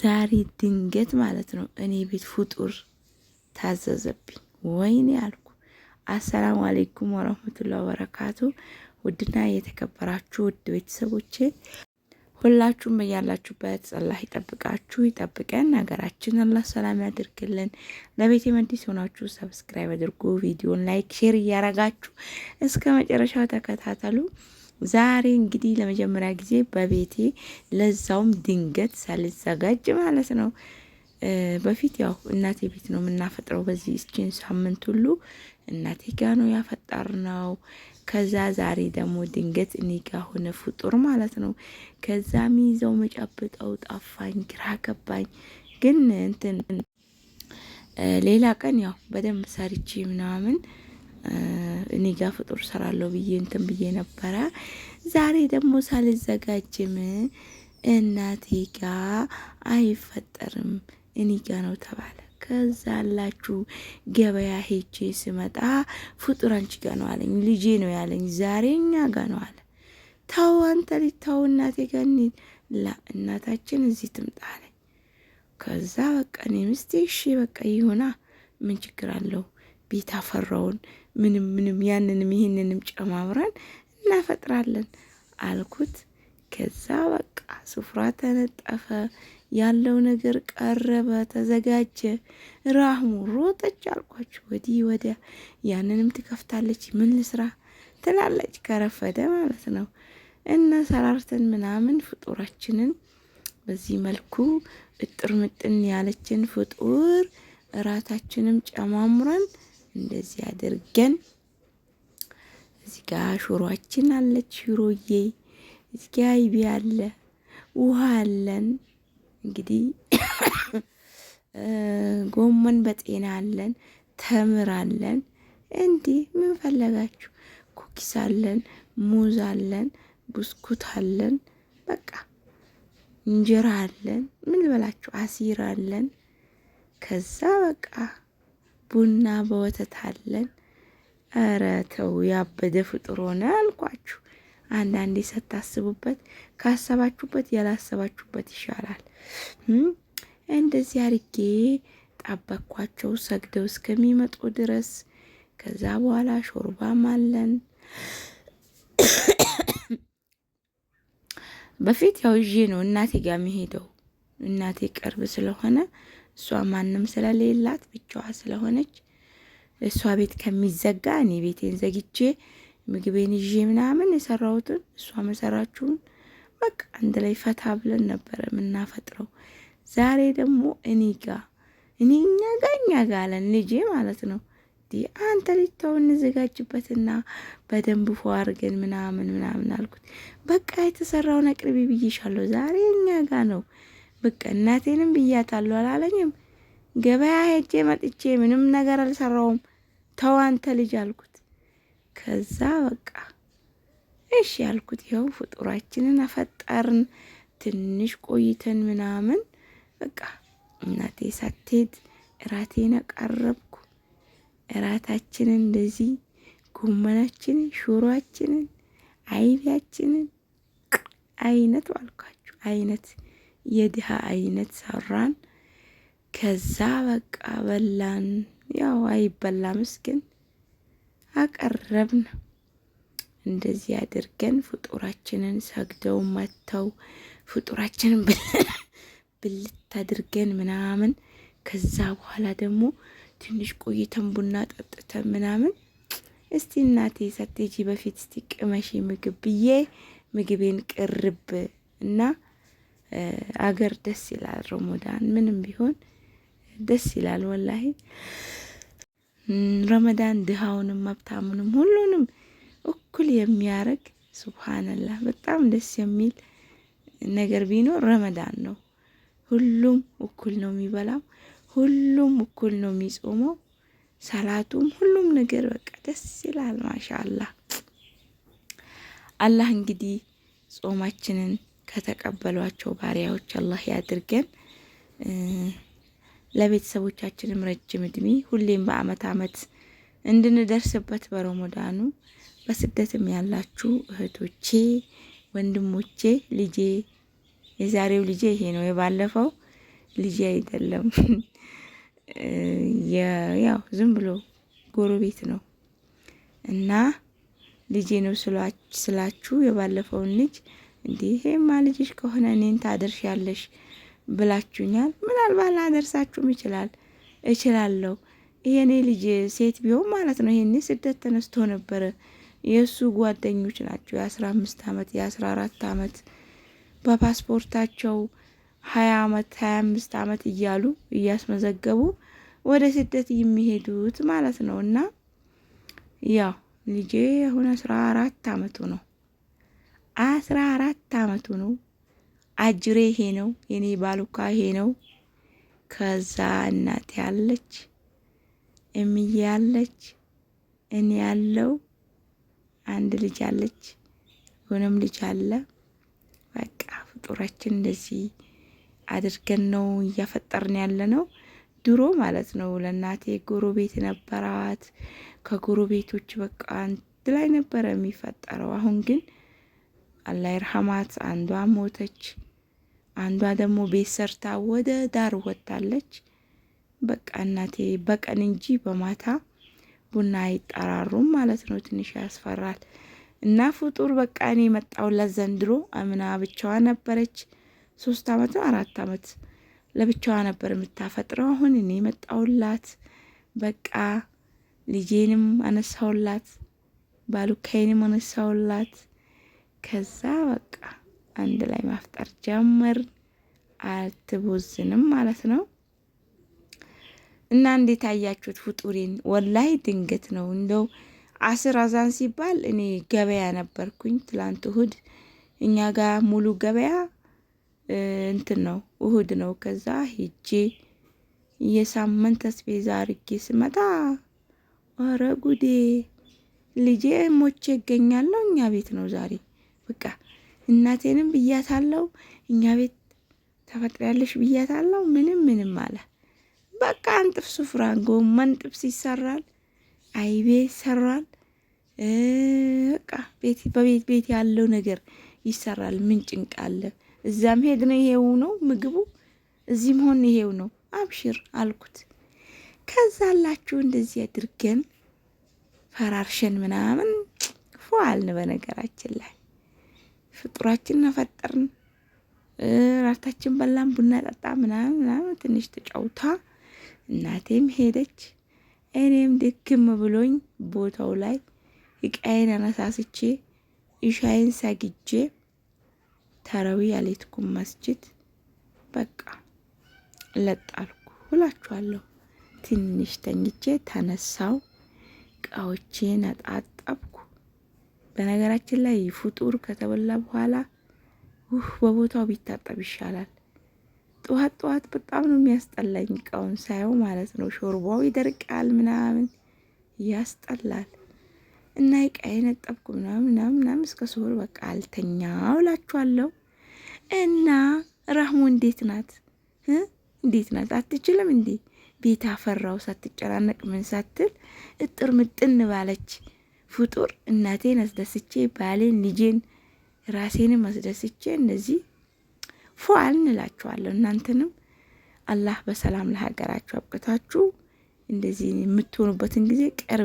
ዛሬ ድንገት ማለት ነው እኔ ቤት ፍጡር ታዘዘብኝ። ወይኔ አልኩ። አሰላሙ አሌይኩም ወረህመቱላ ወበረካቱ። ውድና የተከበራችሁ ውድ ቤተሰቦቼ ሁላችሁም በያላችሁበት አላህ ይጠብቃችሁ ይጠብቀን። ሀገራችን አላህ ሰላም ያድርግልን። ለቤት መዲስ ሆናችሁ ሰብስክራይብ አድርጉ። ቪዲዮን ላይክ፣ ሼር እያረጋችሁ እስከ መጨረሻው ተከታተሉ። ዛሬ እንግዲህ ለመጀመሪያ ጊዜ በቤቴ ለዛውም ድንገት ሳልዘጋጅ ማለት ነው። በፊት ያው እናቴ ቤት ነው የምናፈጥረው። በዚህ እስኪን ሳምንት ሁሉ እናቴ ጋ ነው ያፈጠር ነው። ከዛ ዛሬ ደግሞ ድንገት እኔ ጋ ሆነ ፍጡር ማለት ነው። ከዛ ሚይዘው መጨብጠው ጠፋኝ፣ ግራ ገባኝ። ግን እንትን ሌላ ቀን ያው በደንብ ሰርቼ ምናምን እኔ ጋር ፍጡር ሰራለሁ ብዬ እንትን ብዬ ነበረ። ዛሬ ደግሞ ሳልዘጋጅም እናቴ ጋ አይፈጠርም እኔ ጋ ነው ተባለ። ከዛ አላችሁ ገበያ ሄቼ ስመጣ ፍጡር አንቺ ጋ ነው አለኝ። ልጄ ነው ያለኝ ዛሬ እኛ ጋ ነው አለ። ታው አንተ ልጅ ታው እናቴ ጋ እንሂድ ላ እናታችን እዚህ ትምጣ አለኝ። ከዛ በቃ እኔ ምስቴ እሺ በቃ ይሆና ምን ችግር አለው ቤት አፈራውን ምንም ምንም ያንንም ይህንንም ጨማምረን እናፈጥራለን አልኩት። ከዛ በቃ ስፍራ ተነጠፈ፣ ያለው ነገር ቀረበ፣ ተዘጋጀ። ራህሙ ሮጠች አልኳችሁ፣ ወዲህ ወዲያ። ያንንም ትከፍታለች፣ ምን ልስራ ትላለች፣ ከረፈደ ማለት ነው። እና ሰራርተን ምናምን ፍጡራችንን በዚህ መልኩ እጥር ምጥን ያለችን ፍጡር እራታችንም ጨማምረን እንደዚህ አድርገን እዚህ ጋ ሽሮአችን አለች። ሽሮዬ እዚህ ጋ አይቢ አለ፣ ውሃ አለን። እንግዲህ ጎመን በጤና አለን፣ ተምር አለን። እንዲህ ምን ፈለጋችሁ? ኩኪስ አለን፣ ሙዝ አለን፣ ብስኩት አለን። በቃ እንጀራ አለን። ምን ልበላችሁ? አሲር አለን። ከዛ በቃ ቡና በወተት አለን። እረ ተው ያበደ ፍጡር ሆነ አልኳችሁ። አንዳንዴ ስታስቡበት ካሰባችሁበት ያላሰባችሁበት ይሻላል። እንደዚህ አድርጌ ጠበቅኳቸው ሰግደው እስከሚመጡ ድረስ። ከዛ በኋላ ሾርባም አለን። በፊት ያው ይዤ ነው እናቴ ጋር የሚሄደው እናቴ ቅርብ ስለሆነ እሷ ማንም ስለሌላት ብቻዋ ስለሆነች እሷ ቤት ከሚዘጋ እኔ ቤቴን ዘግቼ ምግቤን ይዤ ምናምን የሰራሁትን እሷ መሰራችሁን በቃ አንድ ላይ ፈታ ብለን ነበረ የምናፈጥረው። ዛሬ ደግሞ እኔ ጋ እኔ እኛ ጋ እኛ ጋ አለን ልጄ ማለት ነው። አንተ ልጅ እንዘጋጅበትና በደንብ ፎ ምናምን ምናምን አልኩት። በቃ የተሰራውን አቅርቢ ብዬሻለሁ። ዛሬ እኛ ጋ ነው በቃ እናቴንም ብያታለሁ አላለኝም። ገበያ ሄጄ መጥቼ ምንም ነገር አልሰራውም። ተው አንተ ልጅ አልኩት። ከዛ በቃ እሺ ያልኩት ይኸው ፍጡራችንን አፈጠርን። ትንሽ ቆይተን ምናምን በቃ እናቴ ሳትሄድ እራቴን አቀረብኩ። እራታችንን እንደዚህ ጎመናችንን፣ ሹሯችንን፣ አይቢያችንን አይነት አልኳችሁ አይነት የድሃ አይነት ሰራን። ከዛ በቃ በላን። ያው አይበላምስ ግን አቀረብን። እንደዚህ አድርገን ፍጡራችንን ሰግደው መጥተው ፍጡራችንን ብልት አድርገን ምናምን ከዛ በኋላ ደግሞ ትንሽ ቆይተን ቡና ጠጥተን ምናምን እስቲ እናቴ ሳትሄጂ በፊት እስቲ ቅመሽ ምግብ ብዬ ምግቤን ቅርብ እና አገር ደስ ይላል። ረመዳን ምንም ቢሆን ደስ ይላል። ወላሂ ረመዳን ድሃውንም መብታሙንም ሁሉንም እኩል የሚያረግ ሱብሃነላህ፣ በጣም ደስ የሚል ነገር ቢኖር ረመዳን ነው። ሁሉም እኩል ነው የሚበላው፣ ሁሉም እኩል ነው የሚጾመው። ሰላቱም ሁሉም ነገር በቃ ደስ ይላል። ማሻ አላህ አላህ እንግዲህ ጾማችንን ከተቀበሏቸው ባሪያዎች አላህ ያድርገን። ለቤተሰቦቻችንም ረጅም እድሜ ሁሌም በአመት አመት እንድንደርስበት በረመዳኑ በስደትም ያላችሁ እህቶቼ፣ ወንድሞቼ ልጄ የዛሬው ልጄ ይሄ ነው። የባለፈው ልጄ አይደለም። ያው ዝም ብሎ ጎረቤት ነው እና ልጄ ነው ስላችሁ የባለፈውን ልጅ እንዲህ ይሄማ ልጅሽ ከሆነ እኔን ታደርሽ ያለሽ ብላችሁኛል። ምናልባት ላደርሳችሁም ይችላል እችላለሁ። ይሄኔ ልጅ ሴት ቢሆን ማለት ነው። ይሄኔ ስደት ተነስቶ ነበረ። የእሱ ጓደኞች ናቸው የአስራ አምስት አመት የአስራ አራት አመት በፓስፖርታቸው ሀያ አመት ሀያ አምስት አመት እያሉ እያስመዘገቡ ወደ ስደት የሚሄዱት ማለት ነው። እና ያው ልጄ አሁን አስራ አራት አመቱ ነው። አስራ አራት አመቱ ነው። አጅሬ ይሄ ነው የኔ ባሉካ ይሄ ነው። ከዛ እናቴ ያለች እምዬ ያለች እኔ ያለው አንድ ልጅ አለች ሆነም ልጅ አለ። በቃ ፍጡራችን እንደዚህ አድርገን ነው እያፈጠርን ያለ ነው። ድሮ ማለት ነው ለእናቴ ጎረቤት ነበራት። ከጎረቤቶች በቃ አንድ ላይ ነበረ የሚፈጠረው። አሁን ግን አላህ ይርሐማት። አንዷ ሞተች፣ አንዷ ደግሞ ቤት ሰርታ ወደ ዳር ወጣለች። በቃ እናቴ በቀን እንጂ በማታ ቡና አይጠራሩም ማለት ነው። ትንሽ ያስፈራል። እና ፍጡር በቃ እኔ መጣው ዘንድሮ። አምና ብቻዋ ነበረች ሶስት አመት አራት አመት ለብቻዋ ነበር የምታፈጥረው። አሁን እኔ መጣውላት በቃ ልጄንም አነሳውላት ባሉካይንም አነሳውላት። ከዛ በቃ አንድ ላይ ማፍጠር ጀመር አትቦዝንም ማለት ነው። እና እንዴት አያችሁት ፍጡሬን? ወላይ ድንገት ነው እንደው አስር አዛን ሲባል እኔ ገበያ ነበርኩኝ ትላንት እሁድ፣ እኛ ጋር ሙሉ ገበያ እንትን ነው እሁድ ነው። ከዛ ሂጄ የሳምንት አስቤዛ አርጌ ስመጣ ኧረ ጉዴ ልጄ ሞቼ ይገኛለሁ። እኛ ቤት ነው ዛሬ በቃ እናቴንም ብያታለው፣ እኛ ቤት ተፈቅሪያለሽ ብያታለው። ምንም ምንም አለ። በቃ አንጥፍ ሱፍራን ጎመን ጥብስ ይሰራል፣ አይቤ ይሰራል፣ በቃ በቤት ቤት ያለው ነገር ይሰራል። ምን ጭንቅ አለ? እዛም ሄድን ይሄው ነው ምግቡ፣ እዚህም ሆን ይሄው ነው። አብሽር አልኩት። ከዛ አላችሁ እንደዚህ አድርገን ፈራርሸን ምናምን ፏልን። በነገራችን ላይ ፍጡራችን ፈጠርን፣ ራታችን በላን፣ ቡና ጠጣ ምናምን ምናምን ትንሽ ተጫውታ እናቴም ሄደች። እኔም ድክም ብሎኝ ቦታው ላይ እቃዬን አነሳስቼ እሻዬን ሰግጄ ተረዊ ያሌትኩም መስጅድ በቃ ለጣልኩ ሁላችኋለሁ። ትንሽ ተኝቼ ተነሳው እቃዎቼን አጣጥ በነገራችን ላይ ፍጡር ከተበላ በኋላ ውህ በቦታው ቢታጠብ ይሻላል። ጠዋት ጠዋት በጣም ነው የሚያስጠላኝ እቃውን ሳየው ማለት ነው። ሾርባው ይደርቃል ምናምን ያስጠላል። እና እቃዬን ነጠብኩ ምናምን ምናምን እስከ ሶር በቃ አልተኛ ውላችኋለሁ። እና ራህሙ እንዴት ናት? እንዴት ናት? አትችልም እንዴ ቤት አፈራው ሳትጨናነቅ ምን ሳትል እጥር ምጥን ባለች ፍጡር እናቴን አስደስቼ ባሌን፣ ልጄን፣ ራሴንም አስደስቼ እነዚህ ፎአል እንላችኋለሁ። እናንተንም አላህ በሰላም ለሀገራችሁ አብቅታችሁ እንደዚህ የምትሆኑበትን ጊዜ ቅርብ